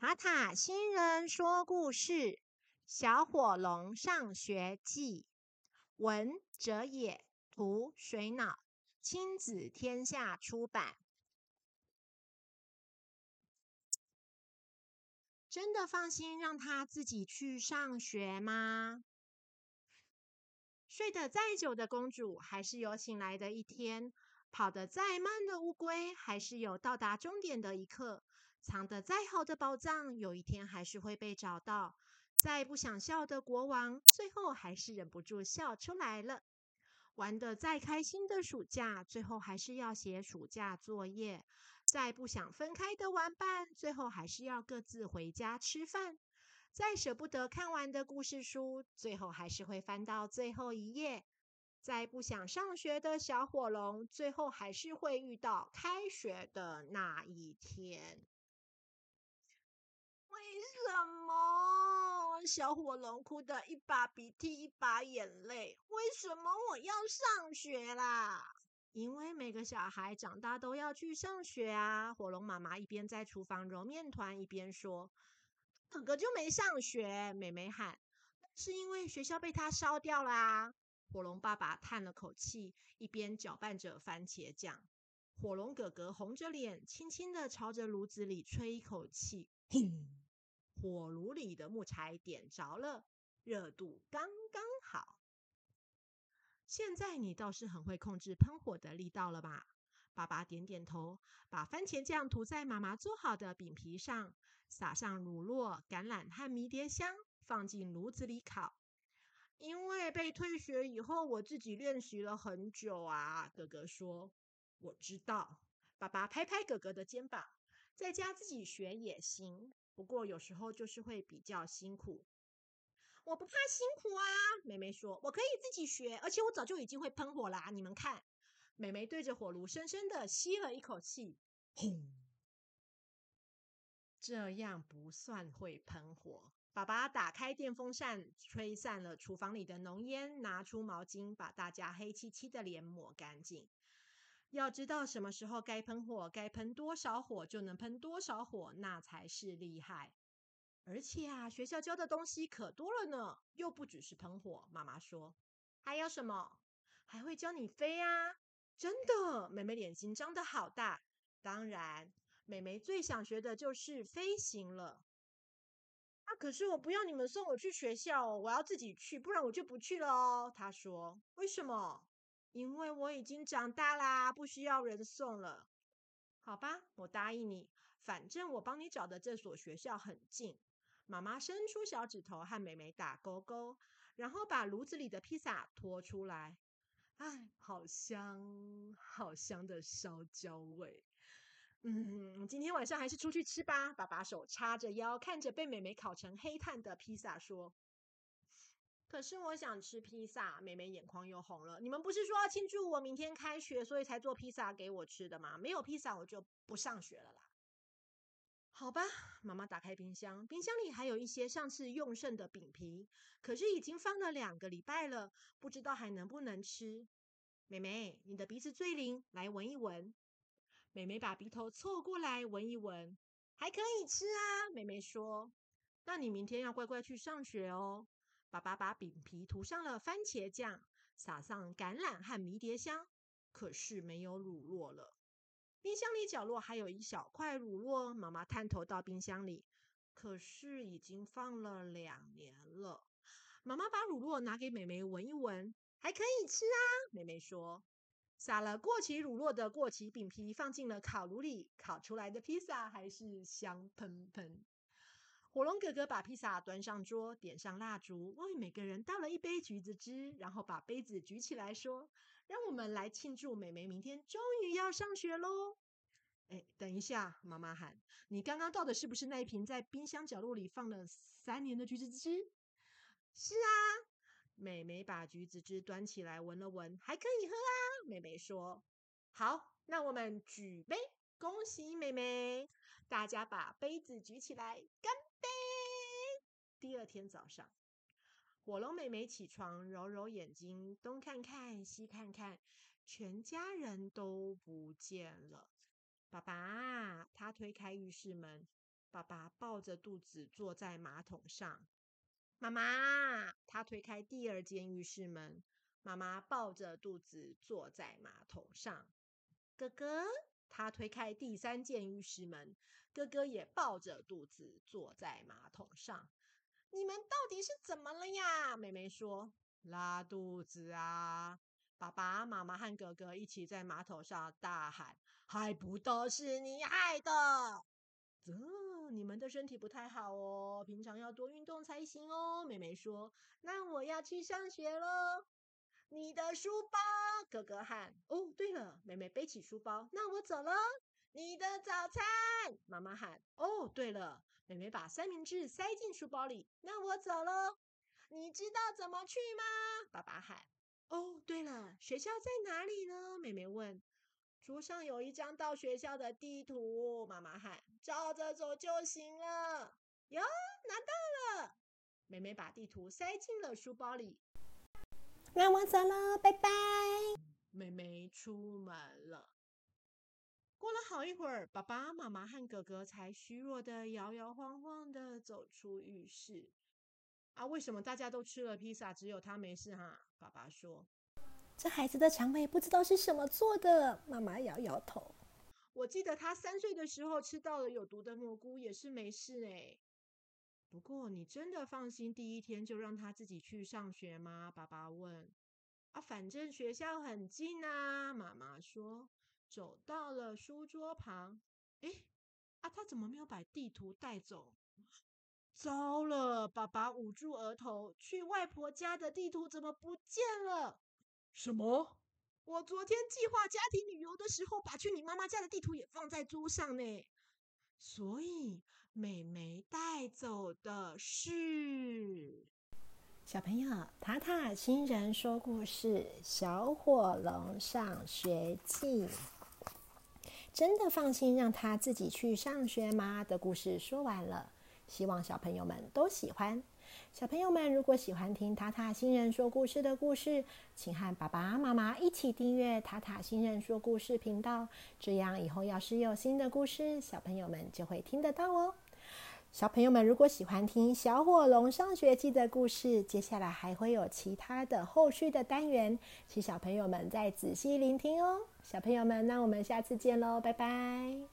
塔塔星人說故事《小火龍上學記》，文哲也，圖水腦，親子天下出版。真的放心讓她自己去上學嗎？睡得再久的公主，還是有醒來的一天。跑得再慢的烏龜，還是有到達終點的一刻；藏得再好的寶藏，有一天還是會被找到。再不想笑的國王，最後還是忍不住笑出來了。玩得再開心的暑假，最後還是要寫暑假作業。再不想分開的玩伴，最後還是要各自回家吃飯。再捨不得看完的故事書，最後還是會翻到最後一頁。再不想上學的小火龍，最後還是會遇到開學的那一天。為什麼？小火龍哭得一把鼻涕一把眼淚。為什麼我要上學啦？因為每個小孩長大都要去上學啊！火龍媽媽一邊在廚房揉麵團，一邊說：“哥哥就沒上學。”妹妹喊：“是因為學校被他燒掉啦火龍爸爸嘆了口氣，一邊攪拌着番茄醬。火龍哥哥紅着臉，輕輕地朝着爐子裡吹一口氣，哼，火爐裡的木柴點着了，熱度剛剛好。現在你倒是很會控制噴火的力道了吧？爸爸點點頭，把番茄醬塗在媽媽做好的餅皮上，撒上乳酪、橄欖、橄欖和迷迭香，放進爐子裡烤。因為被退學以後，我自己練習了很久啊。哥哥說：“我知道。”爸爸拍拍哥哥的肩膀，在家自己學也行，不過有時候就是會比較辛苦。我不怕辛苦啊，妹妹說：“我可以自己學，而且我早就已經會噴火啦啊。”你們看，妹妹對着火爐深深的吸了一口氣，轟！這樣不算會噴火。爸爸打開電風扇，吹散了廚房裡的濃煙。拿出毛巾，把大家黑漆漆的臉抹乾淨。要知道什麼時候該噴火，該噴多少火，就能噴多少火，那才是厲害。而且啊，學校教的東西可多了呢，又不只是噴火。媽媽說：“還有什麼？還會教你飛啊？”真的，妹妹臉型張得好大。當然，妹妹最想學的就是飛行了。可是我不要你們送我去學校哦，我要自己去，不然我就不去了哦。他說：“為什麼？因為我已經長大啦，不需要人送了。”好吧，我答應你，反正我幫你找的這所學校很近。媽媽伸出小指頭和妹妹打勾勾，然後把爐子裡的披薩拖出來。哎，好香，好香的燒焦味。嗯，今天晚上還是出去吃吧。爸爸手叉着腰，看着被妹妹烤成黑炭的披薩說：“可是我想吃披薩。”妹妹眼眶又紅了。你們不是說要慶祝我明天開學，所以才做披薩給我吃的嗎？沒有披薩，我就不上學了啦。好吧，媽媽打開冰箱，冰箱裡還有一些上次用剩的餅皮，可是已經放了兩個禮拜了，不知道還能不能吃。妹妹，你的鼻子最靈，來聞一聞。妹妹把鼻頭湊過來聞一聞，還可以吃啊。妹妹說：“那你明天要乖乖去上學哦。”爸爸把餅皮塗上了番茄醬，撒上橄欖和迷迭香，可是沒有乳酪了。冰箱裡角落還有一小塊乳酪。媽媽探頭到冰箱裡，可是已經放了兩年了。媽媽把乳酪拿給妹妹聞一聞，還可以吃啊。妹妹說。撒了過期乳酪的過期餅皮放進了烤爐裡，烤出來的披薩還是香噴噴。火龍哥哥把披薩端上桌，點上蠟燭，為每個人倒了一杯橘子汁，然後把杯子舉起來說：“讓我們來慶祝妹妹明天終於要上學嘍！”哎，等一下，媽媽喊：“你剛剛倒的是不是那一瓶在冰箱角落裡放了三年的橘子汁？”是啊。美美把橘子汁端起來聞了聞，還可以喝啊！美美說：“好，那我們舉杯，恭喜美美！”大家把杯子舉起來，乾杯！第二天早上，火龍美美起床，揉揉眼睛，東看看，西看看，全家人都不見了。爸爸，她推開浴室門，爸爸抱着肚子坐在馬桶上。媽媽，他推開第二間浴室門，媽媽抱着肚子坐在馬桶上。哥哥，他推開第三間浴室門，哥哥也抱着肚子坐在馬桶上。你們到底是怎麼了呀？妹妹說拉肚子啊。爸爸媽媽和哥哥一起在馬桶上大喊，還不都是你害的？嗯你們的身體不太好哦，平常要多運動才行哦。妹妹說：“那我要去上學咯！”你的書包，哥哥喊。哦，對了，妹妹背起書包，那我走了。你的早餐，媽媽喊。哦，對了，妹妹把三明治塞進書包裡，那我走嘍。你知道怎麼去嗎？爸爸喊。哦，對了，學校在哪裡呢？妹妹問。桌上有一張到學校的地圖，媽媽喊：“照着走就行了。”喲，拿到了！妹妹把地圖塞進了書包裡。那我走了，拜拜！妹妹出門了。過了好一會兒，爸爸媽媽和哥哥才虛弱的搖搖晃晃的走出浴室。啊，為什麼大家都吃了披薩，只有他沒事哈、啊？爸爸說。這孩子的腸胃不知道是什麼做的。媽媽搖搖頭。我記得他三歲的時候吃到了有毒的蘑菇，也是沒事哎。不過你真的放心第一天就讓他自己去上學嗎？爸爸問。啊，反正學校很近吶，啊，媽媽說。走到了書桌旁，哎，啊，他怎麼沒有把地圖帶走？糟了！爸爸捂住額頭，去外婆家的地圖怎麼不見了？什麼？我昨天計劃家庭旅遊的時候，把去你媽媽家的地圖也放在桌上呢。所以，妹妹帶走的是小朋友塔塔星人說故事《小火龍上學記》。真的放心讓他自己去上學嗎？的故事說完了，希望小朋友們都喜歡。小朋友們，如果喜歡聽塔塔星人說故事的故事，請和爸爸媽媽一起訂閱塔塔星人說故事頻道，這樣以後要是有新的故事，小朋友們就會聽得到哦。小朋友們，如果喜歡聽小火龍上學記的故事，接下來還會有其他的後續的單元，請小朋友們再仔細聆聽哦。小朋友們，那我們下次見嘍，拜拜。